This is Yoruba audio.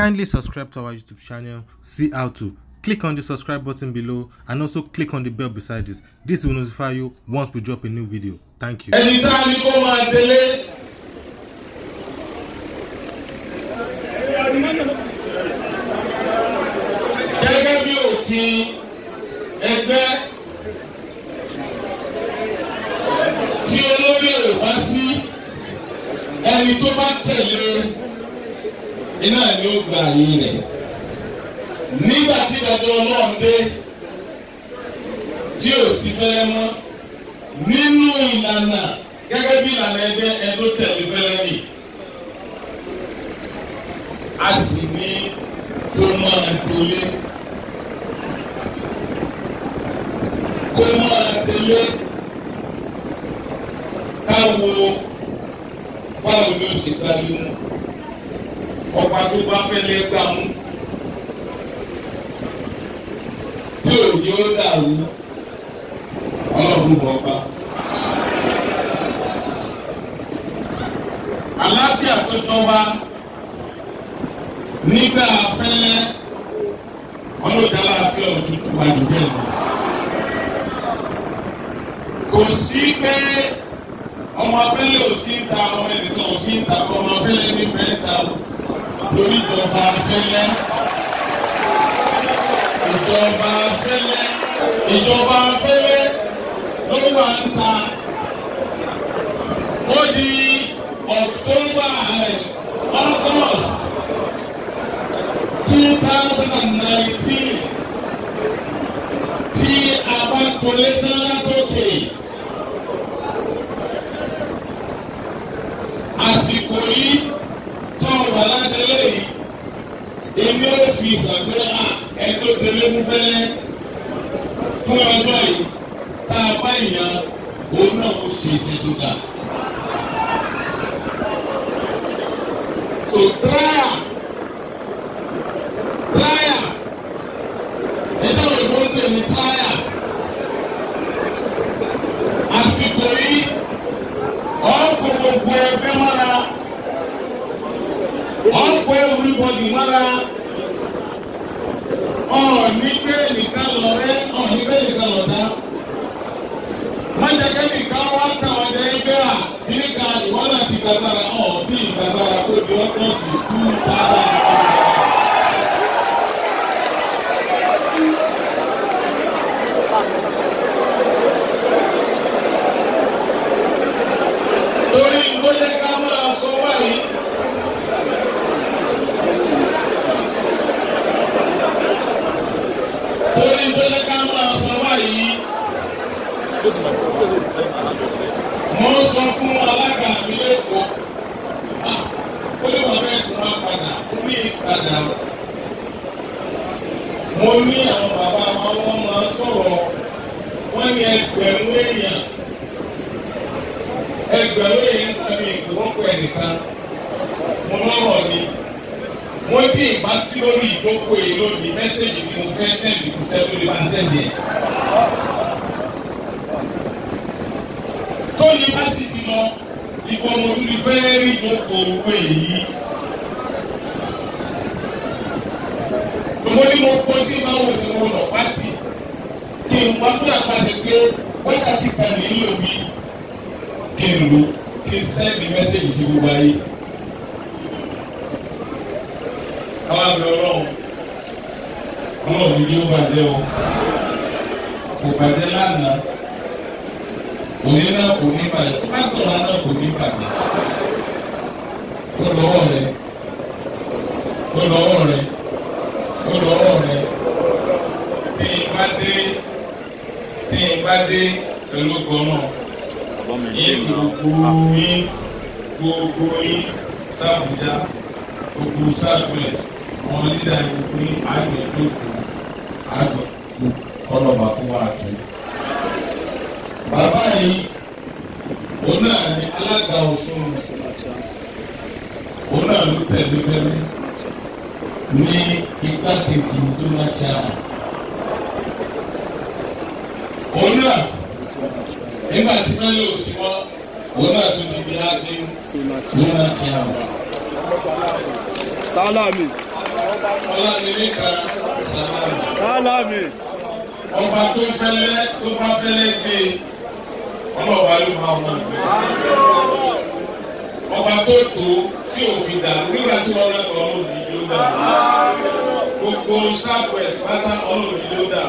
Kindly subscribe to our YouTube channel, see how to. Click on the subscribe button below and also click on the bell beside this. This will notify you once we drop a new video. Thank you. Ẹni tá a ní kó máa tí olórí ò bá sí ẹni tó bá tẹ̀lé iná ni ó gba àyè rẹ̀ nígbà tí ìdájọ́ ọlọ́run dé tí ò sí fẹ́rẹ́ mọ́ nínú ìlànà gẹ́gẹ́ bí ìlànà ẹgbẹ́ ẹdó tẹ̀lé fẹ́rẹ́ nì a sì ní kó máa délé kó máa délé káwo báwo ni ó ṣe gbáyé mú ọ̀pá tó bá fẹ́ lẹ́gbàá mú tí òjò dàrú ọlọ́run bọ̀ ọ̀pá. àlàáfíà tó jọba nígbà fẹ́lẹ́ ọlọ́jà láàfin ọ̀tútù wà ní bẹ́ẹ̀ lọ. kò sí pé ọmọ afẹ́lẹ́ ò sí ń ta ọmọ ẹnìkan ò sí ń ta ọmọ afẹ́lẹ́ ní bẹ́ẹ̀ ta o torí ìjọba fẹ́lẹ́ ìjọba fẹ́lẹ́ ìjọba fẹ́lẹ́ ló wà ń ta ó di October August two thousand and nineteen tí a bá kọ́lé tán látòkè. èmi ò fi ìgbàgbé à ẹgbẹ́ tẹ̀lé mú fẹ́lẹ́ fún ọjọ́ yìí tá a bá ìyàn òun náà mo ṣe ìṣèjọba. kò dáa. ọ̀ọ́ni bẹ́ẹ̀lì ká lọ rẹ́ ọ̀ọ́ni bẹ́ẹ̀lì ká lọ dá. májàkẹ́ nìkan wá táwọn ẹ̀dá ẹgbẹ́ à nígbà ìwọ́n náà ti gbàgbára ọ̀ọ́dún ìgbàgbára kó di ọ́tọ́ọ̀sì tú tààrà. tó yẹ ká máa sọ wáyé. mo ń sọ fún alága mi lẹ́kọ̀ọ́ ó ní wọn fẹ́ tún máa padà ó ní ìpadà mo ní àwọn bàbá wọn wọn máa sọ̀rọ̀ wọ́n ní ẹgbẹ̀rún èèyàn ẹgbẹ̀rún èèyàn tàbí ìgbòho pẹ̀lú kan mo lọ́rọ̀ ni wọ́n tí ì bá sí lórí ìdókòwò yìí lónìí mẹ́sẹ̀gì ni mo fẹ́ sẹ́ndì kù sẹ́ndì lè bá ń sẹ́ndì ẹ̀. tóní bá sì ti lọ ìbọn mo tún ti fẹ́ rí ìdókòwò èyí. mo ní mo pọ́ tí máa wò sí mo lọ pátì kí n wá kúrò àpàtẹ pé wákàtí kan nílò mi kí n lò kí n sẹ́ndì mẹ́sẹ̀gì sí gbogbo ayé. káwá bẹ ọlọ́run ọlọ́run ni yóò bàjẹ́ o kò bàjẹ́ lánàá òní náà kò ní bàjẹ́ pátọ́lá náà kò ní bàjẹ́ ó lọ́wọ́ rẹ ó lọ́wọ́ rẹ ó lọ́wọ́ rẹ tí n bá dé tí n bá dé pẹ̀lú gbọ́nà yín gbogbo yín gbogbo yín sábùjá gbogbo sábùjá àwọn lílẹ̀ ní àgbẹ̀ tó kù àgbẹ̀ kù ọlọ́ba tó wà tó. Bàbá yìí òun náà ni alága Ọ̀ṣun òun náà ló tẹ̀lé fẹ́mi ní igbákejì tó náà ti àná. Òun náà nígbà tí wọ́n yóò sí mọ́ òun náà tún ti di láti tó náà ti àná. Sálámì ọlọ́nìlẹ́ kan sàlámì. ọba tó fẹ́lẹ́ tó bá fẹ́lẹ́ gbé ọlọ́ọ̀bá ló máa mọ̀ gbé. ọba tó tó tí òfin dà nígbà tí wọ́n lọ́kọ̀ ọlọ́ọ̀nì ló dà. gbogbo sápẹ̀ pátá ọlọ́ọ̀nì ló dà.